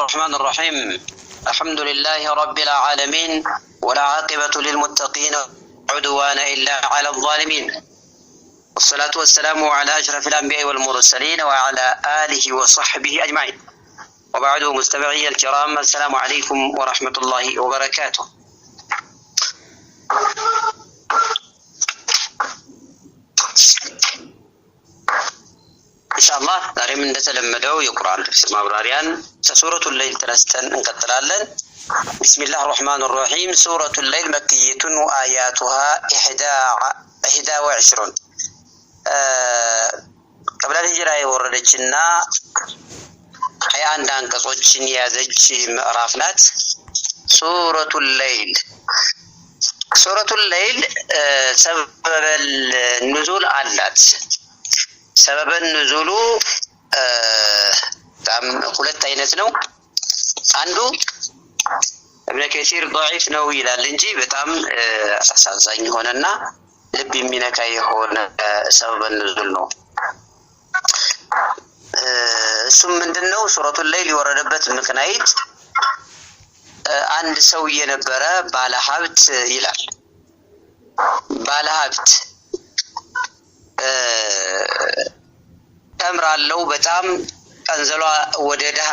الرحمن الرحيم الحمد لله رب العالمين ولا عاقبة للمتقين عدوان إلا على الظالمين والصلاة والسلام على أشرف الأنبياء والمرسلين وعلى آله وصحبه أجمعين وبعد مستمعي الكرام السلام عليكم ورحمة الله وبركاته شاء الله داريم من دتلمدو يقرال مبراريان سورة الليل ترستن انقطلالن بسم الله الرحمن الرحيم سورة الليل مكية وآياتها إحدى إحدى وعشرون أه قبل الهجرة يوردجنا حيا عندان قصوتشن يا مرافنات سورة الليل سورة الليل سبب النزول علات ሰበበን ንዙሉ በጣም ሁለት አይነት ነው። አንዱ እብነ ከሲር ዶዒፍ ነው ይላል እንጂ በጣም አሳዛኝ የሆነና ልብ የሚነካ የሆነ ሰበበን ኑዙል ነው። እሱም ምንድን ነው? ሱረቱን ላይ ሊወረደበት ምክንያት አንድ ሰው የነበረ ባለ ሀብት ይላል ባለ ሀብት አለው በጣም ቀንዘሏ ወደ ድሃ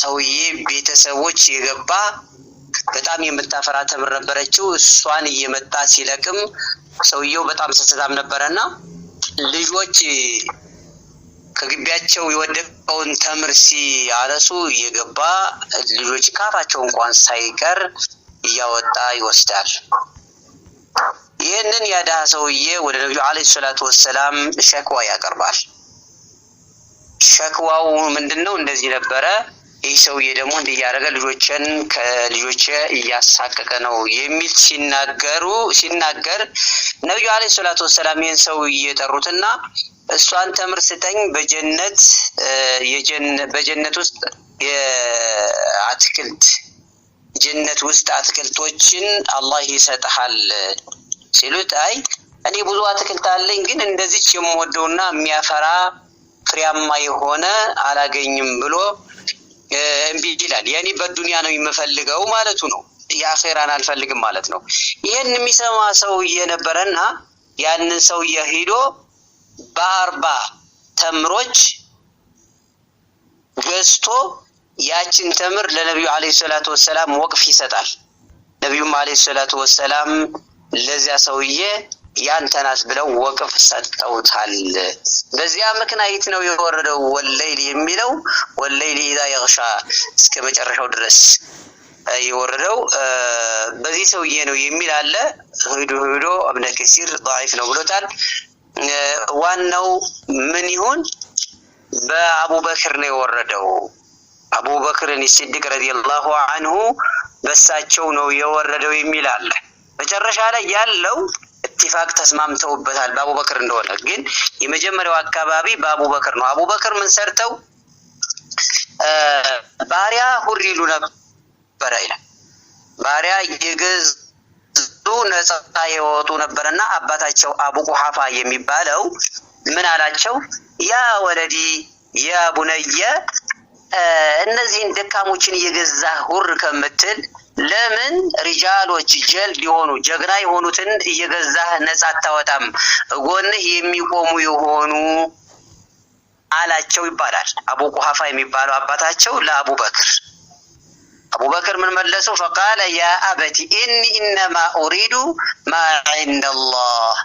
ሰውዬ ቤተሰቦች የገባ በጣም የምታፈራ ተምር ነበረችው። እሷን እየመጣ ሲለቅም ሰውየው በጣም ስስታም ነበረና ልጆች ከግቢያቸው የወደቀውን ተምር ሲያነሱ እየገባ ልጆች ካፋቸው እንኳን ሳይቀር እያወጣ ይወስዳል። ይህንን ያዳ ሰውዬ ወደ ነቢዩ ዓለይሂ ሰላቱ ወሰላም ሸክዋ ያቀርባል። ሸክዋው ምንድን ነው? እንደዚህ ነበረ። ይህ ሰውዬ ደግሞ እንዲህ እያደረገ ልጆችን ከልጆች እያሳቀቀ ነው የሚል ሲናገሩ ሲናገር ነቢዩ ዓለይሂ ሰላቱ ወሰላም ይህን ሰውዬ ጠሩትና እሷን ተምር ስጠኝ፣ በጀነት በጀነት ውስጥ የአትክልት ጀነት ውስጥ አትክልቶችን አላህ ይሰጥሃል ሲሉት አይ እኔ ብዙ አትክልት አለኝ፣ ግን እንደዚች የምወደውና የሚያፈራ ፍሬያማ የሆነ አላገኝም ብሎ እምቢ ይላል። የኔ በዱንያ ነው የምፈልገው ማለቱ ነው። የአኼራን አልፈልግም ማለት ነው። ይህን የሚሰማ ሰው እየነበረና ያንን ሰው ሂዶ በአርባ ተምሮች ገዝቶ ያችን ተምር ለነቢዩ አለይሂ ሰላቱ ወሰላም ወቅፍ ይሰጣል። ነቢዩም አለይሂ ሰላቱ ወሰላም ለዚያ ሰውዬ ያንተናት ብለው ወቅፍ ሰጠውታል። በዚያ ምክንያት ነው የወረደው ወለይል የሚለው ወለይል ኢዛ የግሻ እስከ መጨረሻው ድረስ የወረደው በዚህ ሰውዬ ነው የሚል አለ። ሂዶ ሂዶ እብነ ከሲር ضعيف ነው ብሎታል። ዋናው ምን ይሁን በአቡበክር ነው የወረደው። አቡበክርን ሲድቅ ረዲየላሁ አንሁ በሳቸው ነው የወረደው የሚል አለ። መጨረሻ ላይ ያለው ኢትፋቅ ተስማምተውበታል በአቡበክር እንደሆነ ግን የመጀመሪያው አካባቢ በአቡበክር ነው። አቡበክር ምን ሰርተው ባሪያ ሁር ይሉ ነበረ ይላል። ባሪያ የገዙ ነጻ የወጡ ነበረና አባታቸው አቡ ቁሐፋ የሚባለው ምን አላቸው? ያ ወለዲ ያ ቡነየ እነዚህን ደካሞችን እየገዛ ሁር ከምትል ለምን ሪጃሎች ጀልድ የሆኑ ጀግና የሆኑትን እየገዛህ ነጻ አታወጣም? ጎንህ የሚቆሙ የሆኑ አላቸው ይባላል። አቡ ቁሐፋ የሚባለው አባታቸው ለአቡበክር አቡበክር ምን መለሱ? ፈቃለ ያ አበቲ ኢኒ ኢነማ ኡሪዱ ማ ዒንደላህ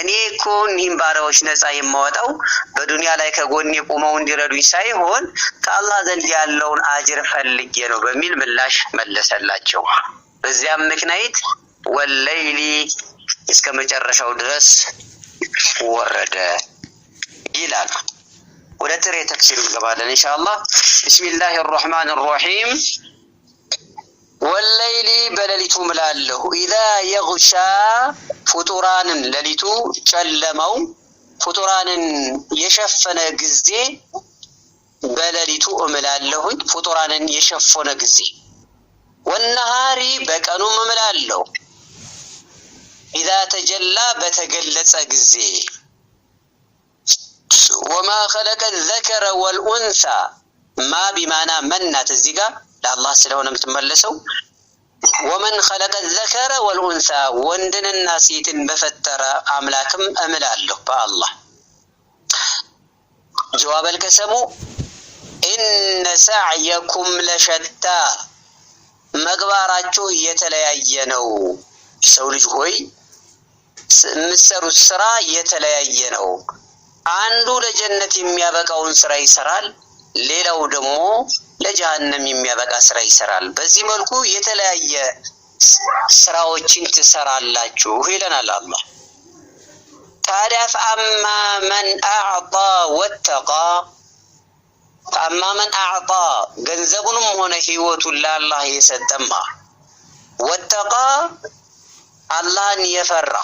እኔ እኮ እኒህም ባሪያዎች ነፃ የማወጣው በዱንያ ላይ ከጎኔ ቁመው እንዲረዱኝ ሳይሆን ከአላህ ዘንድ ያለውን አጅር ፈልጌ ነው በሚል ምላሽ መለሰላቸው። በዚያም ምክንያት ወለይሊ እስከ መጨረሻው ድረስ ወረደ ይላል። ወደ ጥሬ ተፍሲር እንገባለን ኢንሻአላህ። ቢስሚላህ አራህማን አራሂም ወለይሊ በሌሊቱ ምላለሁ ኢዛ የግሻ ፍጡራንን ሌሊቱ ጨለመው ፍጡራንን የሸፈነ ጊዜ በሌሊቱ እምላለሁኝ ፍጡራንን የሸፈነ ጊዜ ወነሃሪ በቀኑም እምላለሁ ኢዛ ተጀላ በተገለጸ ጊዜ ወማ ኸለቀ ዘከረ ወልኡንሳ ማ ቢማና መናት እዚህ ጋር ለአላህ ስለሆነ የምትመለሰው ወመን ኸለቀ ዘከረ ወልኡንሳ ወንድንና ሴትን በፈጠረ አምላክም እምላለሁ በአላህ ጀዋበል ከሰሙ ኢነ ሰዕየኩም ለሸታ መግባራችሁ የተለያየ ነው። ሰው ልጅ ሆይ የምትሰሩት ስራ የተለያየ ነው። አንዱ ለጀነት የሚያበቃውን ስራ ይሰራል፣ ሌላው ደግሞ ለጀሃነም የሚያበቃ ስራ ይሰራል። በዚህ መልኩ የተለያየ ስራዎችን ትሰራላችሁ ይለናል አላህ። ታዲያ ፈአማ መን አዕጣ ወተቃ ፈአማ መን አዕጣ ገንዘቡንም ሆነ ህይወቱን ለአላህ የሰጠማ ወተቃ አላህን የፈራ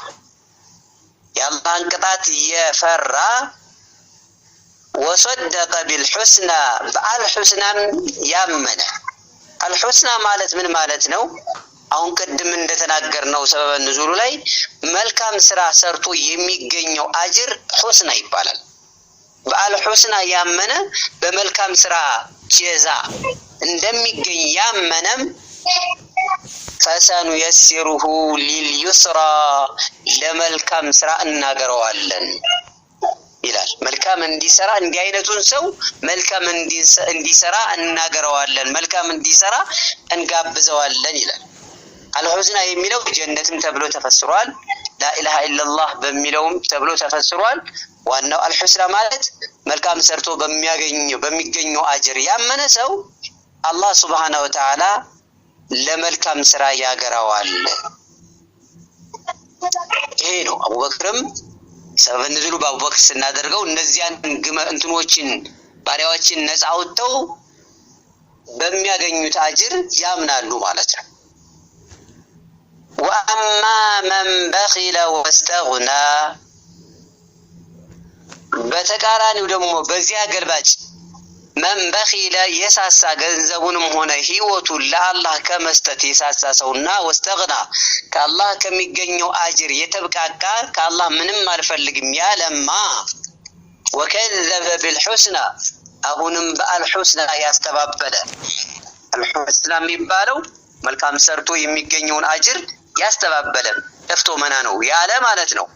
የአላህን ቅጣት የፈራ ወሰደቀ ቢልሑስና በአልሑስናም ያመነ። አልሑስና ማለት ምን ማለት ነው? አሁን ቅድም እንደተናገርነው ሰበበ ንዙሉ ላይ መልካም ስራ ሰርቶ የሚገኘው አጅር ሑስና ይባላል። በአልሑስና ያመነ በመልካም ስራ ጀዛ እንደሚገኝ ያመነም ፈሰኑ የሲሩሁ ሊልዩስራ ለመልካም ስራ እናገረዋለን። ይላል። መልካም እንዲሰራ እንዲህ አይነቱን ሰው መልካም እንዲሰራ እናገረዋለን፣ መልካም እንዲሰራ እንጋብዘዋለን ይላል። አልሑዝና የሚለው ጀነትም ተብሎ ተፈስሯል። ላኢላሃ ኢለላህ በሚለውም ተብሎ ተፈስሯል። ዋናው አልሑስና ማለት መልካም ሰርቶ በሚያገኘው በሚገኘው አጅር ያመነ ሰው አላህ ሱብሓነሁ ወተዓላ ለመልካም ስራ ያገራዋል። ይሄ ነው አቡበክርም ሰበንዝሉ በአቡበክር ስናደርገው እነዚያን እንትኖችን ባሪያዎችን ነፃ አውጥተው በሚያገኙት አጅር ያምናሉ ማለት ነው። ወአማ መን በኺለ ወስተግና በተቃራኒው ደግሞ በዚያ ገልባጭ መንበኺለ የሳሳ ገንዘቡንም ሆነ ህይወቱን ለአላህ ከመስጠት የሳሳ ሰውና ወስተቅና ከአላህ ከሚገኘው አጅር የተብቃቃ ከአላህ ምንም አልፈልግም ያለማ ወከዘበ ብልሑስና አሁንም በአልሑስና ያስተባበለ አልሑስና የሚባለው መልካም ሰርቶ የሚገኘውን አጅር ያስተባበለ ለፍቶ መና ነው ያለ ማለት ነው።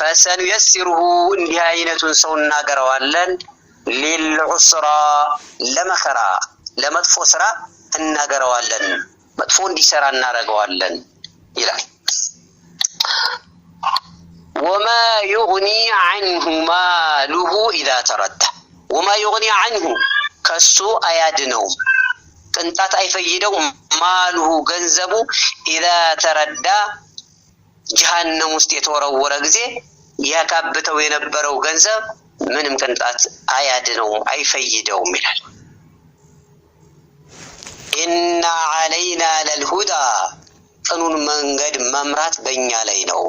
ፈሰኑ የሲሩሁ እንዲህ አይነቱን ሰው እናገረዋለን። ሊልዑስራ ለመከራ ለመጥፎ ስራ እናገረዋለን፣ መጥፎ እንዲሰራ እናደርገዋለን ይላል። ወማ ዩኒ አንሁ ማሉሁ ኢዛ ተረዳ ወማ ዩኒ አንሁ ከሱ አያድነውም፣ ቅንጣት አይፈይደው። ማልሁ ገንዘቡ ኢዛ ተረዳ ጀሃነም ውስጥ የተወረወረ ጊዜ ያካብተው የነበረው ገንዘብ ምንም ቅንጣት አያድነውም፣ አይፈይደውም ይላል። ኢና አለይና ለልሁዳ ቅኑን መንገድ መምራት በእኛ ላይ ነው፣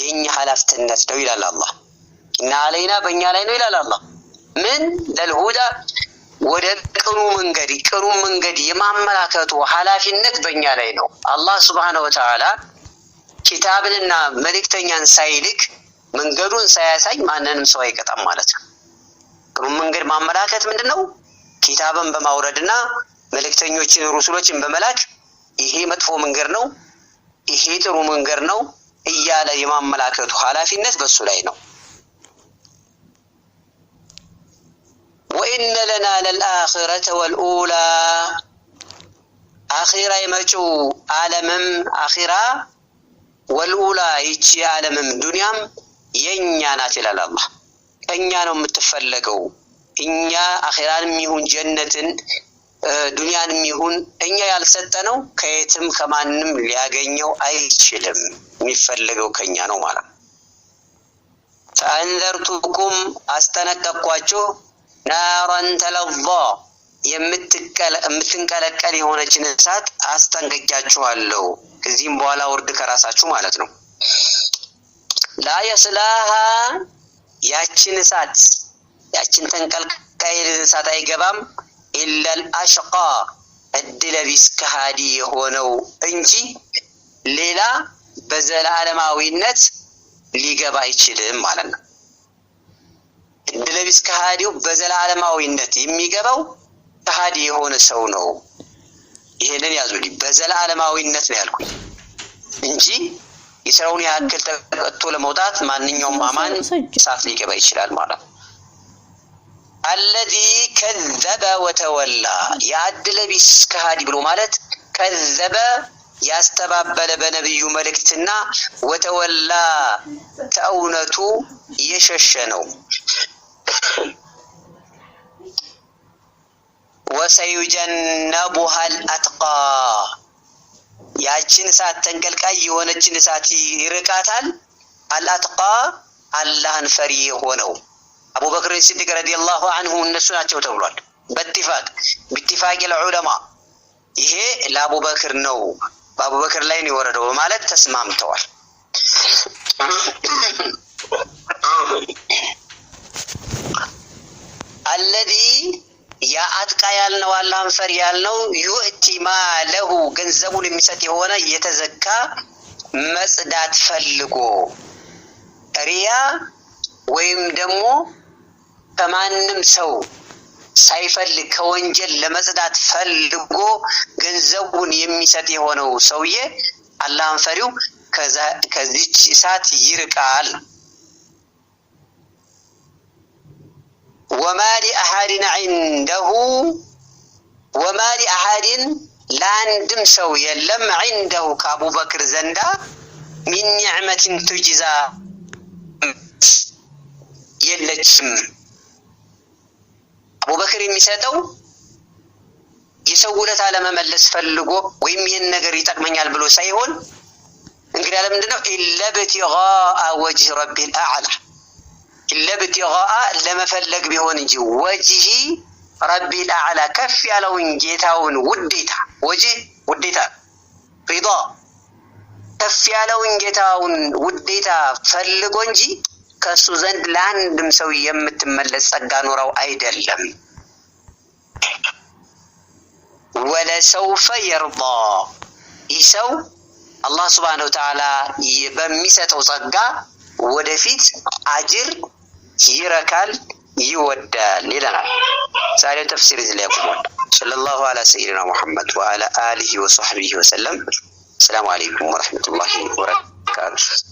የእኛ ኃላፊነት ነው ይላል አላህ። እና አለይና በእኛ ላይ ነው ይላል አላህ። ምን ለልሁዳ ወደ ቅኑ መንገድ ቅኑ መንገድ የማመላከቱ ኃላፊነት በእኛ ላይ ነው። አላህ ሱብሓነሁ ወተዓላ ኪታብንና መልእክተኛን ሳይልክ መንገዱን ሳያሳይ ማንንም ሰው አይቀጣም ማለት ነው። ጥሩ መንገድ ማመላከት ምንድን ነው? ኪታብን በማውረድና መልእክተኞችን ሩሱሎችን በመላክ ይሄ መጥፎ መንገድ ነው፣ ይሄ ጥሩ መንገድ ነው እያለ የማመላከቱ ኃላፊነት በሱ ላይ ነው። ወኢነ ለና ለልአኺረተ ወልኡላ አኺራ የመጪው ዓለምም አኺራ ወልኡላ ይቺ ዓለምም ዱንያም የእኛ ናት ይላል አላህ። እኛ ነው የምትፈለገው። እኛ አኼራንም ይሁን ጀነትን ዱንያንም ይሁን እኛ ያልሰጠነው ከየትም ከማንም ሊያገኘው አይችልም። የሚፈለገው ከኛ ነው ማለት ነው። ፈአንዘርቱኩም አስጠነቀቅኳችሁ፣ ናራን ተለቫ የምትንቀለቀል የሆነችን እሳት አስጠንቅቂያችኋለሁ። ከዚህም በኋላ ውርድ ከራሳችሁ ማለት ነው። ላየስላሃ ያችን እሳት ያችን ተንቀልቃይ እሳት አይገባም ኢለል አሽቃ እድለቢስ ከሃዲ የሆነው እንጂ ሌላ በዘላለማዊነት ሊገባ አይችልም ማለት ነው። እድለቢስ ከሃዲው በዘላለማዊነት የሚገባው ከሃዲ የሆነ ሰው ነው። ይሄንን ያዙልኝ። በዘላለማዊነት ነው ያልኩኝ እንጂ የስራውን ያክል ተቀጥቶ ለመውጣት ማንኛውም አማን እሳት ሊገባ ይችላል ማለት ነው። አለዚ ከዘበ ወተወላ የአድለ ቢስ ከሃዲ ብሎ ማለት ከዘበ ያስተባበለ በነብዩ መልእክትና ወተወላ ተእውነቱ የሸሸ ነው። ወሰዩጀነቡሃል አትቃ ያችን እሳት ተንቀልቃይ የሆነችን እሳት ይርቃታል። አልአትቃ አላህን ፈሪ የሆነው አቡበክር ሲዲቅ ረዲየላሁ አንሁ እነሱ ናቸው ተብሏል። በትፋቅ በኢትፋቅ ለዑለማ ይሄ ለአቡበክር ነው፣ በአቡበክር ላይ ነው የወረደው በማለት ተስማምተዋል። አለዚ አጥቃ ያልነው አላህን ፈሪ ያልነው ዩእቲ ማለሁ ገንዘቡን የሚሰጥ የሆነ የተዘካ መጽዳት ፈልጎ ሪያ ወይም ደግሞ ከማንም ሰው ሳይፈልግ ከወንጀል ለመጽዳት ፈልጎ ገንዘቡን የሚሰጥ የሆነው ሰውዬ አላህን ፈሪው ከዚች እሳት ይርቃል። ወማሊ ሊአሃዲን ዒንደሁ ወማ ሊአሃዲን ለአንድም ሰው የለም ዒንደሁ ከአቡበክር ዘንዳ ሚን ኒዕመትን ቱጅዛ የለችም። አቡበክር የሚሰጠው የሰው ውለታ ለመመለስ ፈልጎ ወይም ይህን ነገር ይጠቅመኛል ብሎ ሳይሆን እንግዲህ ለምንድነው ኢለብቲቃ ወጅህ ረቢል አዕላ ለብትቃ ለመፈለግ ቢሆን እንጂ ወጅሂ ረቢል አዕላ ከፍ ያለውን ጌታውን ውዴታ ወጅህ ውዴታ ሪዳ ከፍ ያለውን ጌታውን ውዴታ ፈልጎ እንጂ ከእሱ ዘንድ ለአንድም ሰው የምትመለስ ጸጋ ኑረው አይደለም። ወለሰውፈ የርዳ ይህ ሰው አላህ ስብሃነሁ ወተዓላ በሚሰጠው ጸጋ ወደፊት አጅር يركال يودال لنا سالي تفسير ذي صلى الله على سيدنا محمد وعلى آله وصحبه وسلم السلام عليكم ورحمة الله وبركاته